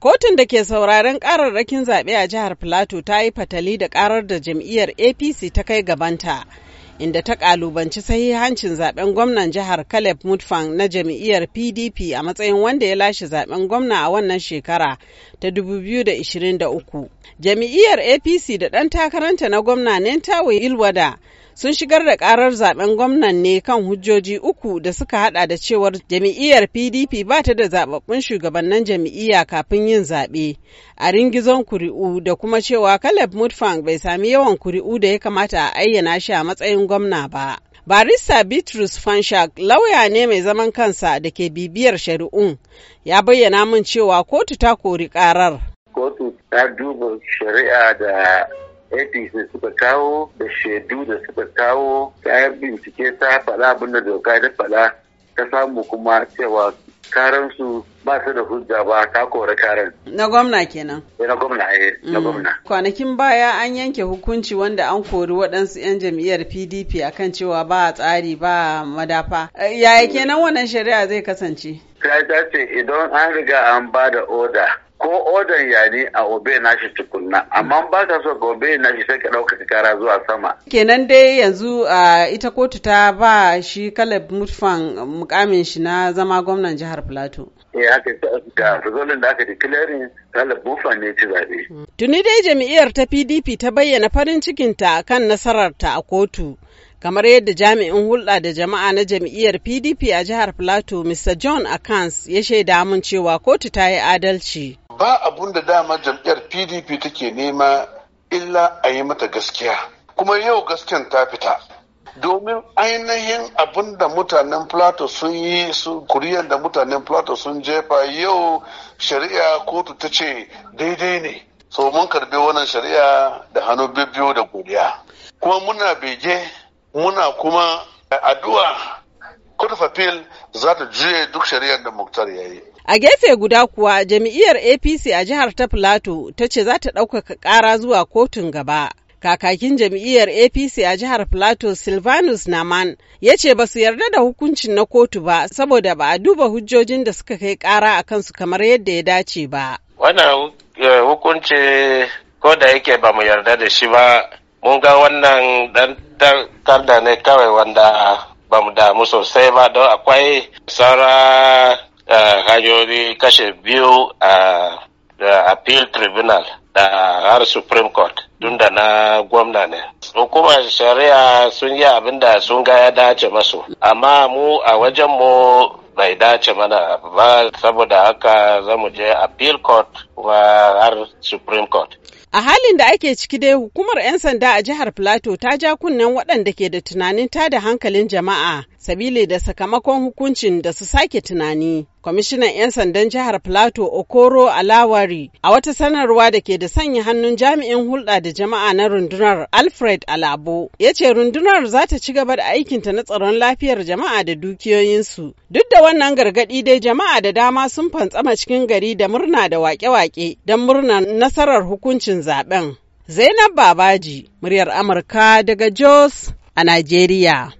Kotun da ke sauraron kararrakin zaɓe a jihar Filato ta yi fatali da ƙarar da jam'iyyar APC ta kai gabanta, inda ta ƙalubanci sahihancin zaɓen gwamnan jihar Caleb Mutfang na jam'iyyar PDP a matsayin wanda ya lashe zaɓen gwamna a wannan shekara ta 2023. Jam'iyyar APC da ɗan takaranta na gwamna Nentawe Ilwada sun shigar da karar zaben gwamnan ne kan hujjoji uku da suka hada da cewar jam'iyyar pdp ba ta da zababbun shugabannin jam'iyya kafin yin zaɓe a ringizon kuri'u da kuma cewa caleb mudfang bai sami yawan kuri'u da ya kamata a ayyana shi a matsayin gwamna ba barista bitrus fanshak lauya ne mai zaman kansa da ke bibiyar shari'un ya bayyana min cewa kotu ta kori karar kotu ta duba shari'a da apc suka kawo da shaidu da suka kawo ta bincike ta faɗa abin da doka ta faɗa ta samu kuma cewa karansu ba su da hujja ba ta kore karan. Na gwamna kenan. Eh, na gwamna eh, na mm. gwamna. Kwanakin baya an yanke hukunci wanda an kori waɗansu 'yan jam'iyyar PDP akan cewa ba tsari ba madafa. Eh, yaya kenan wannan shari'a zai kasance? Ta ce idan an riga an ba da oda ko odan ya ne a obe na shi tukunna amma ba ka so ga obe shi sai ka ɗaukaka kara zuwa sama. kenan dai yanzu ita kotu ta ba shi kalab mutfan mukamin shi na zama gwamnan jihar plateau. eh haka da rizolin da aka declaring kalab mutfan ne ci zaɓe. tuni dai jam'iyyar ta pdp ta bayyana farin cikin cikinta kan nasarar ta a kotu. kamar yadda jami'in hulɗa da jama'a na jam'iyyar pdp a jihar plateau mr john akans ya shaida mun cewa kotu ta yi adalci ba abun da dama jam'iyyar pdp take nema illa a yi mata gaskiya kuma yau gaskiyan ta fita domin ainihin abin da mutanen plato sun yi kuriyar da mutanen plato sun jefa yau shari'a kotu ta ce daidai ne so mun karbi wannan shari'a da hannu biyu da godiya kuma muna bege muna kuma addu'a of fil za ta juye duk shari'ar da muktar ya yi a gefe guda kuwa jam'iyyar apc a jihar ta plateau ta ce za ta ɗaukaka ƙara zuwa kotun gaba kakakin jam'iyyar apc a jihar plateau silvanus naman ya ce ba su yarda da hukuncin na kotu ba saboda ba a duba hujjojin da suka kai ƙara a kansu kamar yadda ya dace ba wannan eh, hukunci ko da yake ba mu yarda da shi ba mun ga wannan dan takarda ne kawai wanda ba mu damu sosai ba don akwai saura eh, hanyoyi kashe biyu a appeal tribunal da har supreme court tun da na gwamna ne hukumar shari'a sun yi abin da sun ga ya dace masu amma mu a wajen mu bai dace mana ba saboda haka zamu je appeal court wa har supreme court A halin da ake ciki dai hukumar 'yan sanda a jihar Plateau ta ja kunnen waɗanda ke da tunanin tada hankalin jama'a sabili da sakamakon hukuncin da su sake tunani. Kwamishinan 'yan sandan jihar Plateau Okoro Alawari a wata sanarwa da ke da sanya hannun jami'in hulɗa da jama'a na rundunar Alfred Alabo ya ce rundunar za ta ci gaba da aikinta na tsaron lafiyar jama'a da dukiyoyinsu. Duk da wannan gargaɗi dai jama'a da dama sun fantsama cikin gari da murna da waƙe-waƙe don murnar nasarar hukuncin zaben. Zainab Babaji, muryar Amurka daga Jos a Najeriya.